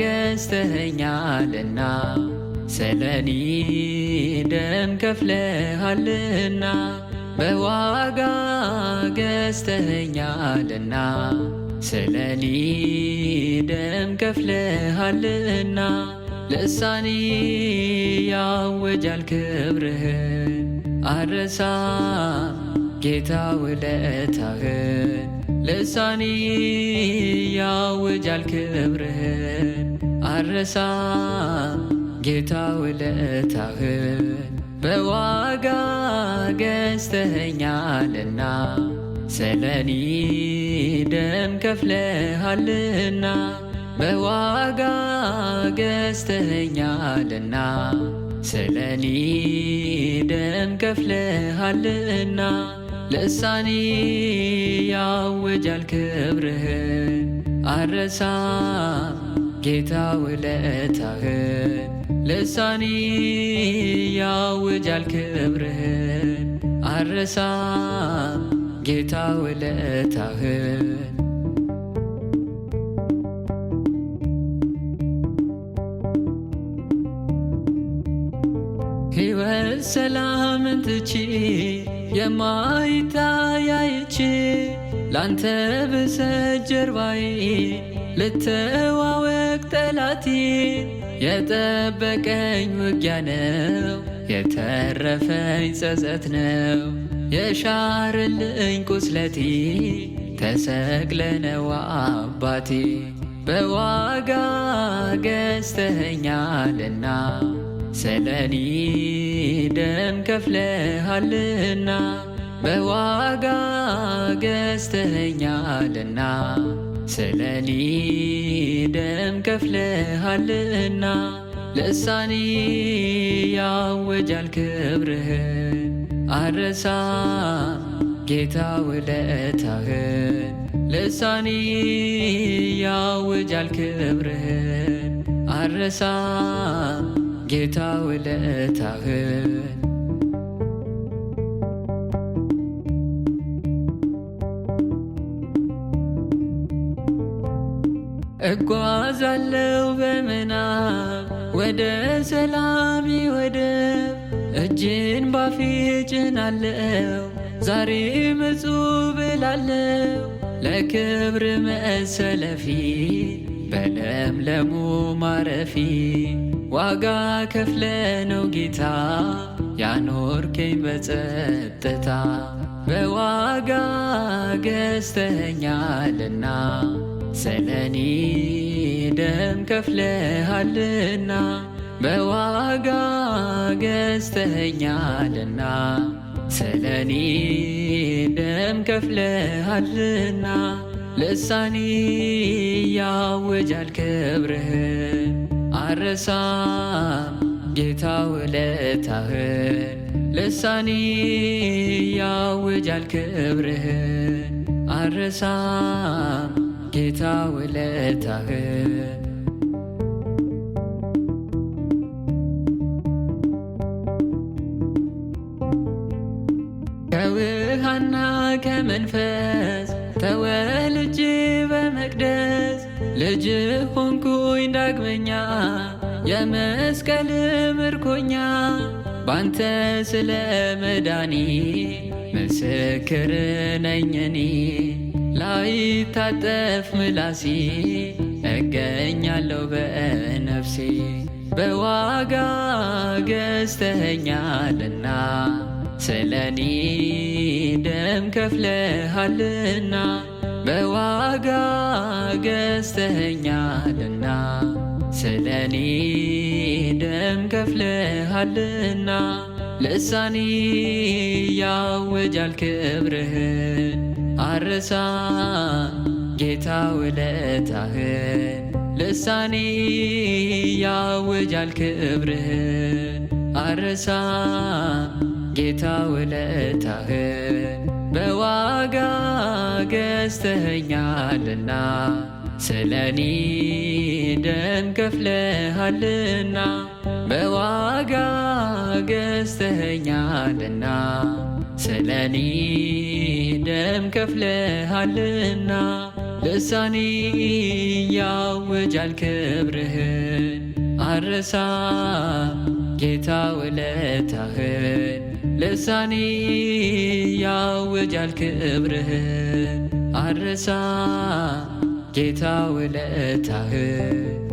ገዝተኛልና ስለኔ ደም ከፍለሃልና በዋጋ ገዝተኛልና ስለኒ ደም ከፍለሃልና ልሳኒ ያወጃል ክብርህን አረሳ ጌታ ውለታህን ልሳኔ ያውጃል ክብርህን አረሳ ጌታ ውለታህን በዋጋ ገዝተኸኛልና ስለኔ ደም ከፍለሃልና በዋጋ ገዝተኸኛልና ስለኒ ደም ከፍለሃልና ልሳኔ ያወጃል ክብርህን አረሳ ጌታ ውለታህን ልሳኔ ያወጃል ክብርህን አረሳ ጌታ ውለታህን በሰላም ትቺ የማይታያይቺ ላንተ ብሰት ጀርባዬ ልተዋወቅ ጠላቴ የጠበቀኝ ውጊያ ነው የተረፈኝ ጸጸት ነው የሻርልኝ ቁስለቴ ተሰቅለነዋ አባቴ በዋጋ ገዝተኸኛልና ስለኔ ደም ከፍለሃልና በዋጋ ገዝተኸኛልና ስለኔ ደም ከፍለሃልና ልሳኔ ያወጃል ክብርህን አረሳ ጌታ ውለታህን ልሳኔ ያወጃል ክብርህን አረሳ ጌታ ውለታህን እጓዛለው በምናብ ወደ ሰላም ወደብ እጅን ባፌ ጭናለው ዛሬ ምጹ ብላለው ለክብር መሰለፊ በለምለሙ ማረፊ ዋጋ ከፍለ ነው ጌታ ያኖርከኝ በጸጥታ በዋጋ ገዝተኸኛልና ስለኔ ደም ከፍለሃልና በዋጋ ገዝተኛልና ስለኔ ደም ከፍለሃልና ልሳኔ ያወጃል ክብርህን አረሳም ጌታ ውለታህን ልሳኔ ያወጃል ክብርህን አረሳም ጌታ ውለታህን ከመንፈስ ተወልጄ በመቅደስ ልጅ ሆንኩኝ ዳግመኛ የመስቀል ምርኮኛ ባንተ ስለ መዳኔ ምስክር ነኝ ታጠፍ ላይታጠፍ ምላሴ እገኛለሁ በነፍሴ በዋጋ ገዝተኛልና ስለኔ ደም ከፍለሃልና በዋጋ ገዝተኸኛልና ስለኔ ደም ከፍለሃልና ልሳኔ ያወጃል ክብርህን አርሳ ጌታ ውለታህን ልሳኔ ያወጃል ክብርህን አረሳን ጌታ ውለታህን በዋጋ ገዝተኸኛልና ስለኒ ደም ከፍለሃልና በዋጋ ገዝተኸኛልና ስለኒ ደም ከፍለሃልና ልሳኒ ያውጃል ክብርህን አረሳ ጌታ ውለታህን ልሳኔ ያውጃል ክብርህን አረሳ ጌታ ውለታህ